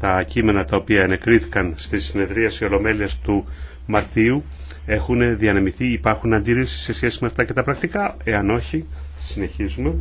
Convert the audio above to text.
τα κείμενα τα οποία ενεκρίθηκαν στη οι ολομέλειας του Μαρτίου έχουν διανεμηθεί, υπάρχουν αντίρρησεις σε σχέση με αυτά και τα πρακτικά. Εάν όχι, συνεχίζουμε.